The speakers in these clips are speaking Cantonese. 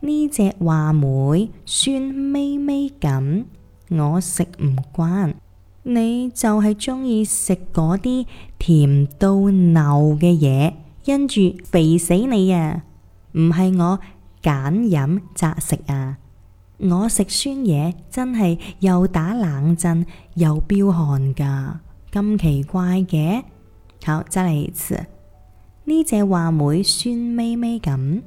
呢隻話梅酸微微咁，我食唔慣。你就係中意食嗰啲甜到耨嘅嘢，因住肥死你啊！唔係我揀飲擇食啊，我食酸嘢真係又打冷震又飆汗噶。咁奇怪嘅。好，再嚟一次。呢隻話梅酸微微咁，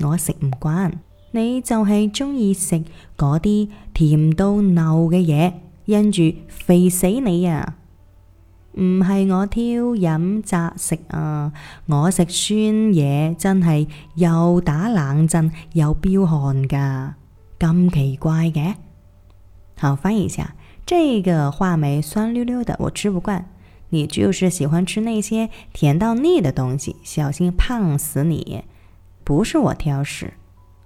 我食唔慣。你就係中意食嗰啲甜到耨嘅嘢，因住肥死你啊！唔係我挑飲擇食啊，我食酸嘢真係又打冷震又飆汗噶，咁奇怪嘅。好，翻譯一下，這個話梅酸溜溜的，我吃不慣。你就是喜歡吃那些甜到膩的東西，小心胖死你。不是我挑食。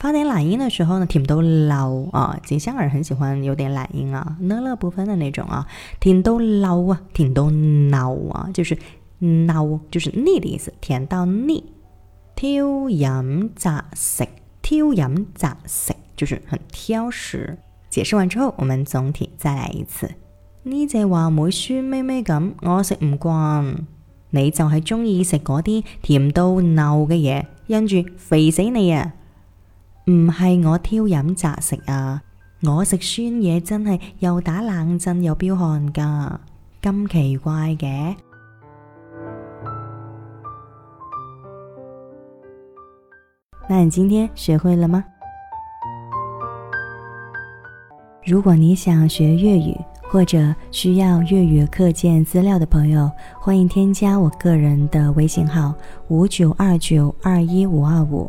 發點懶音的時候呢，甜到耨。啊！金香兒很喜歡有點懶音啊，呢樂，樂不分的那種啊，甜到耨啊，甜到耨啊，就是耨就是膩的意思，甜到膩。挑飲擇食，挑飲擇食就是很挑食。解釋完之後，我們總體再來一次。呢隻話梅酸微微咁，我食唔慣。你就係鍾意食嗰啲甜到耨嘅嘢，因住肥死你啊！唔係我揀飲擇食啊，我食酸嘢真係又打冷震又飆汗噶，咁奇怪嘅。那你今天學會了嗎？如果你想學粵語或者需要粵語課件資料的朋友，歡迎添加我個人的微信號五九二九二一五二五。